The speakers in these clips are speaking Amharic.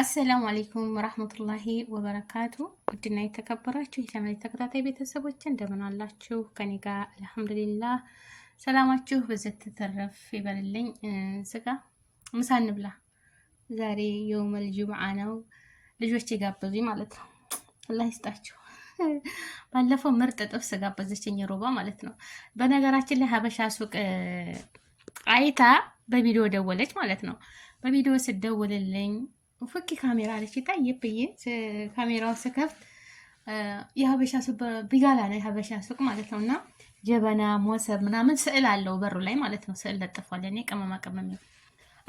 አሰላሙ አሌይኩም ረህመቱላሂ ወበረካቱ። ውድና የተከበራችሁ የቻናል ተከታታይ ቤተሰቦች እንደምን አላችሁ? ከኔ ጋር አልሐምዱሊላህ። ሰላማችሁ በዘት ተረፍ ይበልልኝ። ስጋ ምሳ እንብላ። ዛሬ የውመል ጅምዓ ነው። ልጆች የጋበዙኝ ማለት ነው። አላህ ይስጣችሁ። ባለፈው ምርጥ ጥብስ ጋበዘችኝ ሮባ ማለት ነው። በነገራችን ላይ ሀበሻ ሱቅ አይታ በቪዲዮ ደወለች ማለት ነው። በቪዲዮ ስደውልልኝ ፉኪ ካሜራ አለች ይታየብዬ ካሜራውን ስከፍት የሀበሻ ሱቅ ቢጋላ ነው የሀበሻ ሱቅ ማለት ነው። እና ጀበና ሞሰብ ምናምን ስዕል አለው በሩ ላይ ማለት ነው። ስዕል ለጥፏል። እኔ ቅመማ ቅመም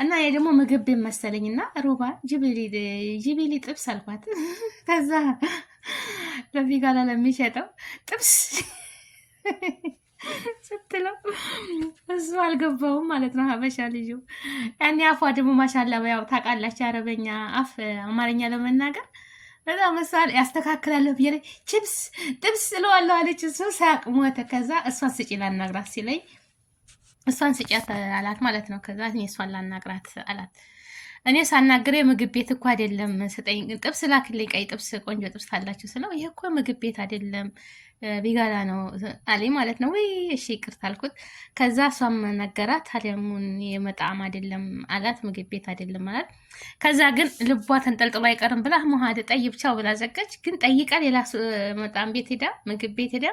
እና እኔ ደግሞ ምግብ ቤት መሰለኝ እና ሩባ ጅብሊ ጥብስ አልኳት። ከዛ ለቢጋላ ለሚሸጠው ጥብስ ስትለው እሱ አልገባውም ማለት ነው። ሀበሻ ልጁ ያኔ አፏ ደግሞ ማሻላ ያው ታውቃላችሁ፣ የአረበኛ አፍ አማርኛ ለመናገር በጣም መሳል ያስተካክላለሁ ብዬ ችፕስ ጥብስ ስለዋለሁ አለች። እሱ ሳያቅ ሞተ። ከዛ እሷን ስጪ ላናግራት ሲለኝ እሷን ስጪ አላት ማለት ነው። ከዛ እሷን ላናግራት አላት። እኔ ሳናግሬ ምግብ ቤት እኮ አይደለም ስጠኝ፣ ጥብስ ላክልኝ፣ ቀይ ጥብስ፣ ቆንጆ ጥብስ ታላችሁ ስለው ይሄ እኮ ምግብ ቤት አይደለም ቢጋላ ነው አሌ ማለት ነው። ወይ እሺ ይቅርታ አልኩት። ከዛ እሷም ነገራት፣ አለሙን የመጣም አይደለም አላት፣ ምግብ ቤት አይደለም ማለት። ከዛ ግን ልቧ ተንጠልጥሎ አይቀርም ብላ ሙሃደ ጠይብቻው ብላ ዘጋች። ግን ጠይቃ ሌላ መጣም ቤት ሄዳ ምግብ ቤት ሄዳ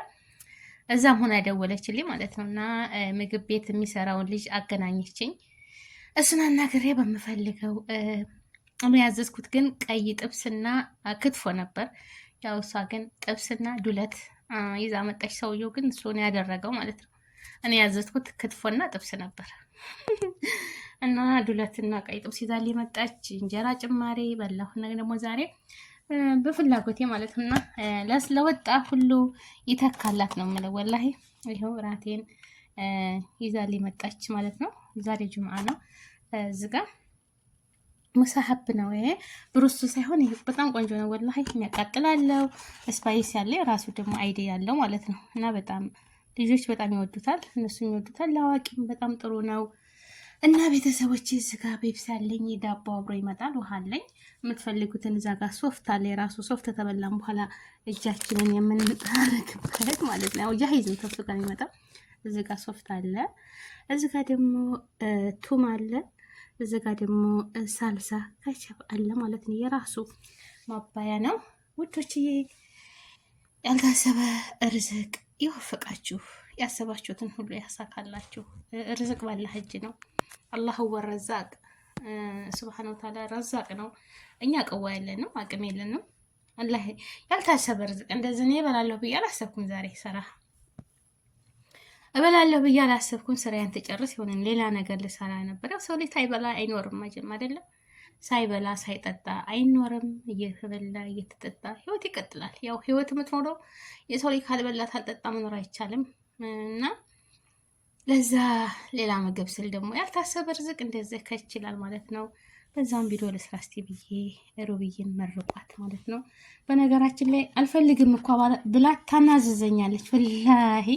እዛም ሆና ደወለችልኝ ማለት ነው። እና ምግብ ቤት የሚሰራውን ልጅ አገናኘችኝ። እሱን አናግሬ በምፈልገው የሚያዘዝኩት ግን ቀይ ጥብስና ክትፎ ነበር። ያው እሷ ግን ጥብስና ዱለት ይዛ መጣች። ሰውየው ግን እሱን ያደረገው ማለት ነው። እኔ ያዘዝኩት ክትፎና ጥብስ ነበር እና ዱለትና ቀይ ጥብስ ይዛ ሊመጣች እንጀራ ጭማሬ በላሁ ደግሞ ዛሬ በፍላጎቴ ማለት እና ለወጣ ሁሉ ይተካላት ነው የምለው። ወላሂ ይኸው ራቴን ይዛል መጣች ማለት ነው። ዛሬ ጁምዓ ነው። እዚ ጋ ሙሳሀብ ነው ይሄ ብሩሱ ሳይሆን ይሄ በጣም ቆንጆ ነው። ወላ የሚያቃጥላለው ስፓይስ ያለ ራሱ ደግሞ አይዲ ያለው ማለት ነው። እና በጣም ልጆች በጣም ይወዱታል፣ እነሱም ይወዱታል። ለአዋቂም በጣም ጥሩ ነው። እና ቤተሰቦች እዚህ ጋር ቤብስ ያለኝ ዳቦ አብሮ ይመጣል። ውሃ አለኝ የምትፈልጉትን እዛ ጋር ሶፍት አለ። የራሱ ሶፍት ተበላም በኋላ እጃችንን የምንጠረግበት ማለት ነው። ያው ጃሂዝ ነው ጋር ይመጣል እዚ ጋር ሶፍት አለ፣ እዚ ጋር ደግሞ ቱም አለ፣ እዚ ጋር ደግሞ ሳልሳ ከቸብ አለ ማለት ነው። የራሱ ማባያ ነው። ውዶችዬ ያልታሰበ ርዝቅ ይወፍቃችሁ፣ ያሰባችሁትን ሁሉ ያሳካላችሁ። ርዝቅ ባላህ እጅ ነው። አላህ ወረዛቅ ስብሓን ወታላ ረዛቅ ነው። እኛ ቀዋ የለንም፣ አቅም የለንም። አላህ ያልታሰበ ርዝቅ እንደዚህ እኔ እበላለሁ ብዬ አላሰብኩም ዛሬ ሰራ እበላለሁ ብዬ አላሰብኩም። ስራዬን ትጨርስ ይሆንን ሌላ ነገር ልሰራ ነበረ። ሰው ልጅ ሳይበላ አይኖርም መቼም አይደለም። ሳይበላ ሳይጠጣ አይኖርም። እየበላ እየተጠጣ ህይወት ይቀጥላል። ያው ህይወት የምትኖረው የሰው ልጅ ካልበላ ታልጠጣ መኖር አይቻልም እና ለዛ ሌላ ምግብ ስል ደግሞ ያልታሰበ ርዝቅ እንደዚህ ከችላል ማለት ነው። በዛም ቪዲዮ ለስራ እስቲ ብዬ ሩብዬን መርቋት ማለት ነው። በነገራችን ላይ አልፈልግም እኳ ብላት ታናዝዘኛለች። ወላሂ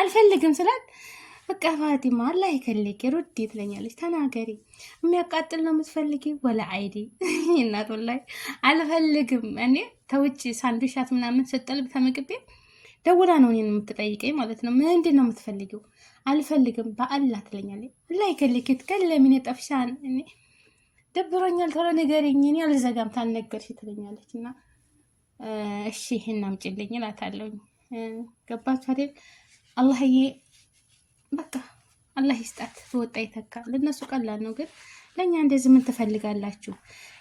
አልፈልግም ስላት በቃ ፋቲማ አላህ ይከልክ ሩድ ትለኛለች። ተናገሪ የሚያቃጥል ነው የምትፈልጊ ወላ አይዲ እናት ወላሂ አልፈልግም። እኔ ተውጭ ሳንዱሻት ምናምን ስጠልብ ተመግቤ ደውላ ነው እኔን የምትጠይቀኝ ማለት ነው። ምንድን ነው የምትፈልጊው? አልፈልግም በአላህ ትለኛለች። አላህ ይከልክ ትከለሚን የጠፍሻን ደብሮኛል ቶሎ ንገሪኝ፣ እኔ አልዘጋም ታልነገርሽ ትለኛለች። እና እሺ ይህን አምጪልኝ እላታለሁ። ገባችሁ አይደል? አላህዬ በቃ አላህ ይስጣት፣ ወጣ ይተካ። ለነሱ ቀላል ነው፣ ግን ለእኛ እንደዚህ ምን ትፈልጋላችሁ?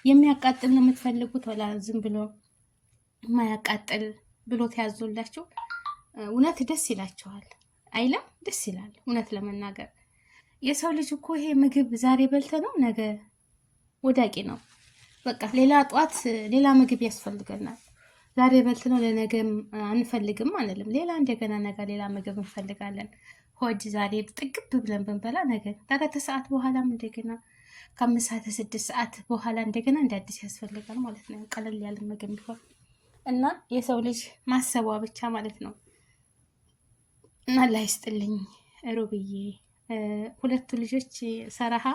የሚያቃጥል ነው የምትፈልጉት፣ ወላ ዝም ብሎ የማያቃጥል ብሎ ተያዞላችሁ፣ እውነት ደስ ይላችኋል። አይለም ደስ ይላል፣ እውነት ለመናገር የሰው ልጅ እኮ ይሄ ምግብ ዛሬ በልተ ነው ነገ ወዳቂ ነው። በቃ ሌላ ጧት ሌላ ምግብ ያስፈልገናል። ዛሬ በልት ነው ለነገም አንፈልግም አንልም። ሌላ እንደገና ነገ ሌላ ምግብ እንፈልጋለን። ሆጅ ዛሬ ጥግብ ብለን ብንበላ ነገ ከአራት ሰዓት በኋላም እንደገና ከአምስት ሰዓት ስድስት ሰዓት በኋላ እንደገና እንደ አዲስ ያስፈልጋል ማለት ነው። ቀለል ያለ ምግብ ቢሆን እና የሰው ልጅ ማሰቧ ብቻ ማለት ነው። እና ላይስጥልኝ ሩብዬ ሁለቱ ልጆች ሰራሃ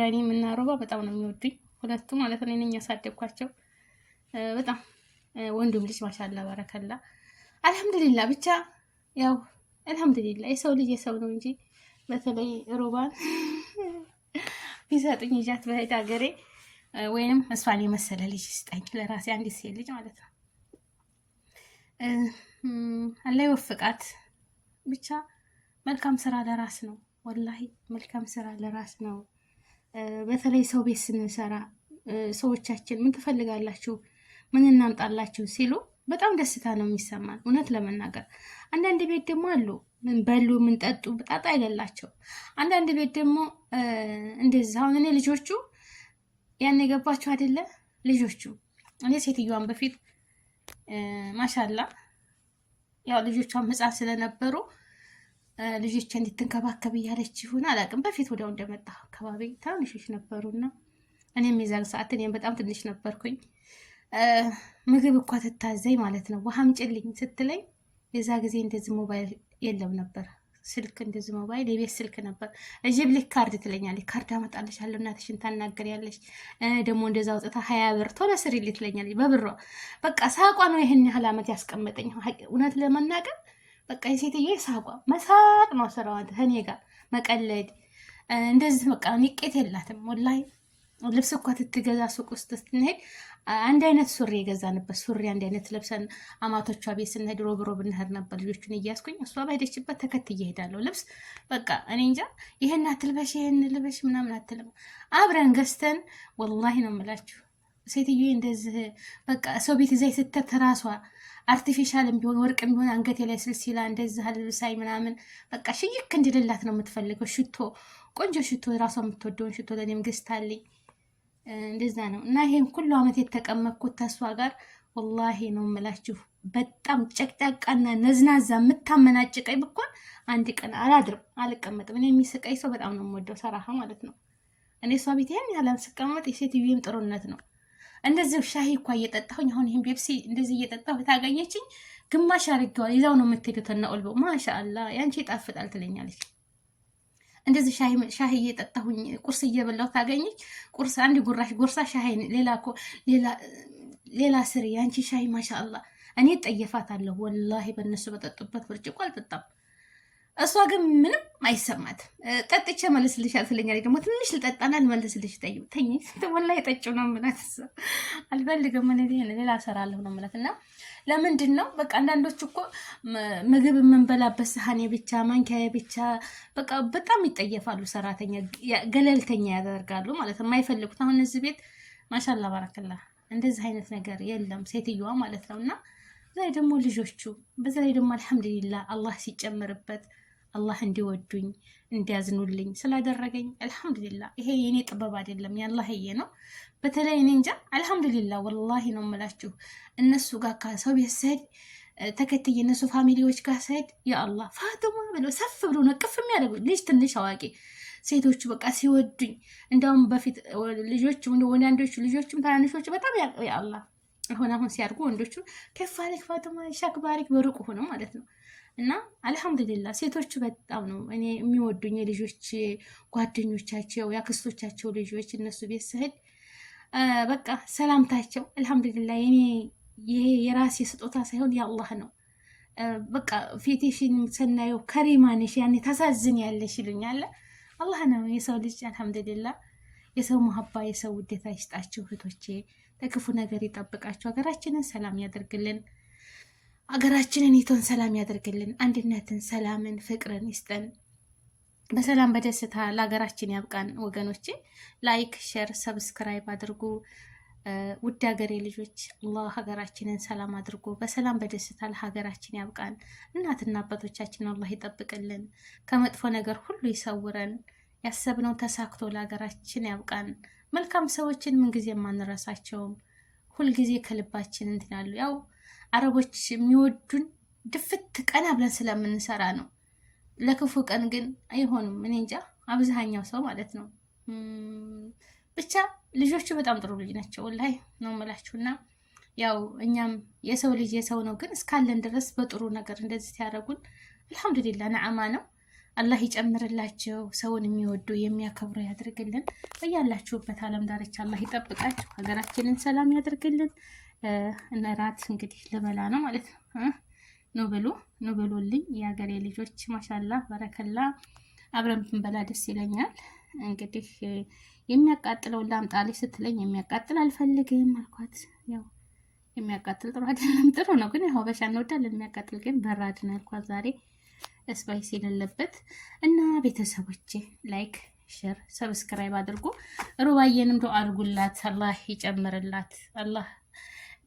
ረኒም እና ሮባ በጣም ነው የሚወዱኝ ሁለቱ ማለት ነው። እኔን ያሳደግኳቸው በጣም ወንዱም ልጅ ማሻላ ባረከላ አልሐምዱሊላ። ብቻ ያው አልሐምዱሊላ የሰው ልጅ የሰው ነው እንጂ በተለይ ሮባን ቢሰጡኝ ይዣት በሄድ ሀገሬ ወይንም እሷን የመሰለ ልጅ ይስጠኝ ለራሴ አንድ ሴት ልጅ ማለት ነው። አላህ ይወፍቃት ብቻ መልካም ስራ ለራስ ነው። ወላሂ መልካም ስራ ለራስ ነው። በተለይ ሰው ቤት ስንሰራ ሰዎቻችን ምን ትፈልጋላችሁ፣ ምን እናምጣላችሁ ሲሉ በጣም ደስታ ነው የሚሰማን እውነት ለመናገር። አንዳንድ ቤት ደግሞ አሉ ምን በሉ ምን ጠጡ ጣጣ አይደላቸው። አንዳንድ ቤት ደግሞ እንደዛ አሁን እኔ ልጆቹ ያን የገባችሁ አይደለ ልጆቹ እኔ ሴትዮዋን በፊት ማሻላ ያው ልጆቿም ህፃን ስለነበሩ ልጆች እንድትንከባከብ እያለች ይሁን አላውቅም። በፊት ወዲያው እንደመጣ አካባቢ ትንንሾች ነበሩና እኔም የዛን ሰዓት እኔም በጣም ትንሽ ነበርኩኝ። ምግብ እኳ ትታዘኝ ማለት ነው ውሃም ጭልኝ ስትለኝ የዛ ጊዜ እንደዚህ ሞባይል የለም ነበር ስልክ እንደዚህ ሞባይል የቤት ስልክ ነበር። እጅብ ልክ ካርድ ትለኛለች። ካርድ አመጣለች አለው እናትሽን ታናገር ያለች ደግሞ እንደዛ አውጥታ ሀያ ብር ቶሎ ስሪልኝ ትለኛለች። በብሯ በቃ ሳቋ ነው ይህን ያህል አመት ያስቀመጠኝ እውነት ለመናገር በቃ የሴትዮ ሳቋ መሳቅ ነው ስራዋ። እኔ ጋር መቀለድ እንደዚህ በቃ ንቄት የላትም። ወላሂ ልብስ እኳ ትትገዛ ሱቅ ውስጥ ስትንሄድ አንድ አይነት ሱሪ የገዛንበት ሱሪ አንድ አይነት ለብሰን አማቶቿ ቤት ስንሄድ ሮብ ሮብ እንሄድ ነበር። ልጆቹን እያስኩኝ እሷ በሄደችበት ተከትዬ እሄዳለሁ። ልብስ በቃ እኔ እንጃ ይህን አትልበሽ ይህን ልበሽ ምናምን አትልም። አብረን ገዝተን ወላሂ ነው የምላችሁ። ሴትዮ እንደዚህ በቃ ሰው ቤት እዛ ስተት ራሷ አርቲፊሻልም ቢሆን ወርቅም ቢሆን አንገቴ ላይ ስልሲላ እንደዚህ አልብሳይ ምናምን በቃ ሽይክ እንድልላት ነው የምትፈልገው። ሽቶ ቆንጆ ሽቶ ራሷ የምትወደውን ሽቶ ለእኔም ገዝታልኝ እንደዛ ነው እና ይሄን ሁሉ አመት የተቀመጥኩት ተስፋ ጋር ወላሂ ነው የምላችሁ። በጣም ጨቅጫቃና ነዝናዛ የምታመናጭቀኝ ብኳን አንድ ቀን አላድርም፣ አልቀመጥም። እኔ የሚስቀኝ ሰው በጣም ነው የምወደው ሰራሃ ማለት ነው። እኔ እሷ ቤት ይህን ያህል ስቀመጥ የሴትዮዬም ጥሩነት ነው። እንደዚህ ሻሂ እኳ እየጠጣሁኝ አሁን ይህን ቤፕሲ እንደዚህ እየጠጣሁ ታገኘችኝ ግማሽ አድርጌዋል። ይዛው ነው የምትሄደው። ኦልቦ ማሻአላ ያንቺ ይጣፍጣል ትለኛለች። እንደዚህ ሻሂ እየጠጣሁኝ ቁርስ እየበላሁ ታገኘች። ቁርስ አንድ ጉራሽ ጎርሳ ሻሂ ሌላ ሌላ ስሪ ያንቺ ሻሂ ማሻአላ። እኔ ጠየፋት አለሁ ወላሂ በእነሱ በጠጡበት ብርጭቆ አልጠጣም። እሷ ግን ምንም አይሰማትም። ጠጥቼ መልስልሻል ትለኛለች። ደግሞ ትንሽ ልጠጣና ልመልስልሽ ጠይ ተኝ ስትሞላ የጠጭው ነው ምላት አልፈልግም እኔ ሌላ እሰራለሁ ነው ምለት እና ለምንድን ነው በቃ አንዳንዶች እኮ ምግብ የምንበላበት ሰሀን የብቻ ማንኪያ የብቻ በቃ በጣም ይጠየፋሉ። ሰራተኛ ገለልተኛ ያደርጋሉ ማለት የማይፈልጉት። አሁን እዚህ ቤት ማሻላ ባረክላ እንደዚህ አይነት ነገር የለም ሴትዮዋ ማለት ነው እና በዛ ላይ ደግሞ ልጆቹ በዛ ላይ ደግሞ አልሐምዱሊላ አላህ ሲጨምርበት አላህ እንዲወዱኝ እንዲያዝኑልኝ ስላደረገኝ አልሐምዱሊላ። ይሄ የኔ ጥበብ አይደለም ያላህዬ ነው። በተለይ እኔ እንጃ አልሐምዱሊላ፣ ወላሂ ነው የምላችሁ። እነሱ ጋር ከሰው ቤት ስሄድ ተከትዬ እነሱ ፋሚሊዎች ጋር ስሄድ ያአላህ ፋትማ ብለው ሰፍ ብሎ ነቅፍ የሚያደርጉ ልጅ ትንሽ አዋቂ ሴቶቹ በቃ ሲወዱኝ፣ እንዲያውም በፊት ልጆች ወንዳንዶቹ ልጆችም ታናንሾቹ በጣም ያአላህ አሁን አሁን ሲያድጉ ወንዶቹ ከፋለክ ፋትማ ሻክባሪክ በሩቅ ሆነው ማለት ነው እና አልሐምዱሊላ ሴቶቹ በጣም ነው እኔ የሚወዱኝ የልጆች ጓደኞቻቸው የአክስቶቻቸው ልጆች እነሱ ቤት ስሄድ በቃ ሰላምታቸው አልሐምዱሊላ የኔ የራሴ ስጦታ ሳይሆን የአላህ ነው። በቃ ፊቴሽን ስናየው ከሪማንሽ ያኔ ታሳዝን ያለሽ ይሉኛል። አላህ ነው የሰው ልጅ አልሐምዱሊላ። የሰው መሀባ የሰው ውዴታ ይስጣችሁ እህቶቼ፣ ከክፉ ነገር ይጠብቃችሁ፣ ሀገራችንን ሰላም ያደርግልን። አገራችንን ይቶን ሰላም ያደርግልን፣ አንድነትን፣ ሰላምን፣ ፍቅርን ይስጠን። በሰላም በደስታ ለሀገራችን ያብቃን። ወገኖቼ ላይክ፣ ሼር፣ ሰብስክራይብ አድርጉ። ውድ ሀገሬ ልጆች አላህ ሀገራችንን ሰላም አድርጎ በሰላም በደስታ ለሀገራችን ያብቃን። እናትና አባቶቻችን አላህ ይጠብቅልን፣ ከመጥፎ ነገር ሁሉ ይሰውረን። ያሰብነው ተሳክቶ ለሀገራችን ያብቃን። መልካም ሰዎችን ምንጊዜ የማንረሳቸውም፣ ሁልጊዜ ከልባችን እንትናሉ ያው አረቦች የሚወዱን ድፍት ቀና ብለን ስለምንሰራ ነው። ለክፉ ቀን ግን አይሆንም። እኔ እንጃ አብዛኛው ሰው ማለት ነው። ብቻ ልጆቹ በጣም ጥሩ ልጅ ናቸው፣ ላይ ነው የምላችሁና ያው እኛም የሰው ልጅ የሰው ነው፣ ግን እስካለን ድረስ በጥሩ ነገር እንደዚህ ሲያደርጉን አልሐምዱሊላ ነዓማ ነው። አላህ ይጨምርላቸው። ሰውን የሚወዱ የሚያከብሩ ያድርግልን። በያላችሁበት ዓለም ዳርቻ አላህ ይጠብቃችሁ። ሀገራችንን ሰላም ያድርግልን። እራት እንግዲህ ልበላ ነው ማለት ነው። ኑ ብሉ ኑ ብሉልኝ የሀገሬ ልጆች፣ ማሻላ በረከላ። አብረን ብንበላ ደስ ይለኛል። እንግዲህ የሚያቃጥለው ላምጣልሽ ስትለኝ የሚያቃጥል አልፈልግም አልኳት። ያው የሚያቃጥል ጥሩ አይደለም፣ ጥሩ ነው ግን ያው በሻ እንወዳለን። የሚያቃጥል ግን ነው አልኳት። ዛሬ ስፓይስ የሌለበት እና ቤተሰቦቼ ላይክ ሼር ሰብስክራይብ አድርጉ። ሩባዬንም ዶ አድርጉላት። አላህ ይጨምርላት። አላህ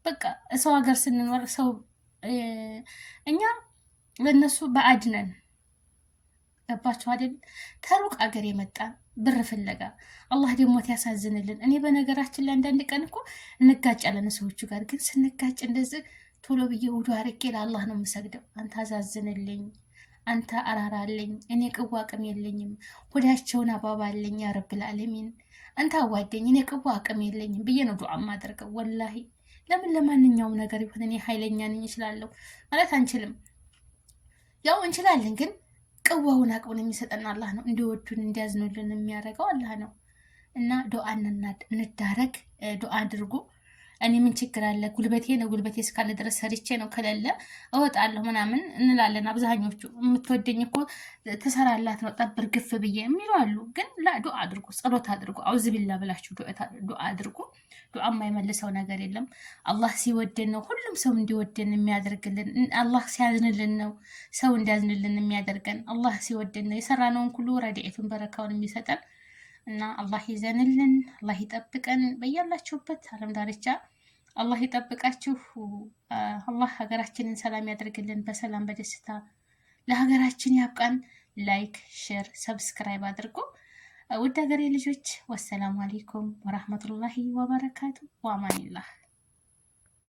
በቃ ሰው ሀገር ስንኖር ሰው እኛ ለእነሱ በአድ ነን። ገባችሁ አይደል? ከሩቅ ሀገር የመጣ ብር ፍለጋ አላህ ደግሞ ያሳዝንልን። እኔ በነገራችን ላይ አንዳንድ ቀን እኮ እንጋጫለን ሰዎቹ ጋር፣ ግን ስንጋጭ እንደዚህ ቶሎ ብዬ ውዱ አርቄ ለአላህ ነው የምሰግደው። አንተ አዛዝንልኝ፣ አንተ አራራልኝ፣ እኔ ቅቡ አቅም የለኝም፣ ሆዳቸውን አባባልኝ፣ ያረብል አለሚን አንተ አዋደኝ፣ እኔ ቅቡ አቅም የለኝም ብዬ ነው ዱዓ ማድረገው ወላሂ ለምን ለማንኛውም ነገር ይሁን እኔ ኃይለኛ ነኝ እችላለሁ ማለት አንችልም። ያው እንችላለን፣ ግን ቅዋውን አቅሙን የሚሰጠን አላህ ነው። እንዲወዱን እንዲያዝኑልን የሚያደርገው አላህ ነው እና ዶአ እንዳረግ ዶአ አድርጉ። እኔ ምን ችግር አለ? ጉልበቴ ነው፣ ጉልበቴ እስካለ ድረስ ሰርቼ ነው፣ ከሌለ እወጣለሁ ምናምን እንላለን። አብዛኞቹ የምትወደኝ እኮ ትሰራላት ነው ጠብር ግፍ ብዬ የሚሉ አሉ። ግን ላ ዱዓ አድርጉ፣ ጸሎት አድርጉ፣ አውዝ ቢላ ብላችሁ ዱ አድርጉ። ዱ የማይመልሰው ነገር የለም። አላህ ሲወደን ነው ሁሉም ሰው እንዲወደን የሚያደርግልን። አላህ ሲያዝንልን ነው ሰው እንዲያዝንልን የሚያደርገን። አላህ ሲወደን ነው የሰራነውን ሁሉ ረድኤቱን በረካውን የሚሰጠን እና አላህ ይዘንልን፣ አላህ ይጠብቀን። በያላችሁበት አለም ዳርቻ አላህ ይጠብቃችሁ። አላህ ሀገራችንን ሰላም ያደርግልን፣ በሰላም በደስታ ለሀገራችን ያብቃን። ላይክ፣ ሼር፣ ሰብስክራይብ አድርጎ ውድ ሀገሬ ልጆች ወሰላሙ አሌይኩም ወራህመቱላሂ ወበረካቱ ወአማኒላህ